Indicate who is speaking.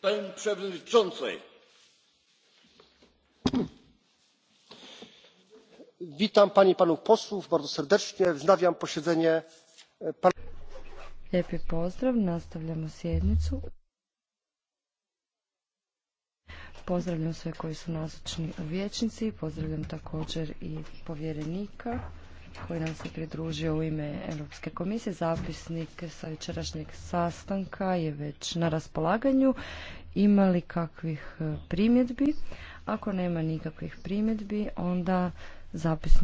Speaker 1: pani przewodnicząca!
Speaker 2: witam panie i panów posłów bardzo serdecznie. wznawiam posiedzenie.
Speaker 3: lijepi pozdrav nastavljamo sjednicu. pozdravljam sve koji su nazočni vijećnici pozdravljam također i povjerenika koji nam se pridružio u ime Europske komisije. Zapisnik sa jučerašnjeg sastanka je već na raspolaganju. Ima li kakvih e, primjedbi? Ako nema nikakvih primjedbi, onda zapisnik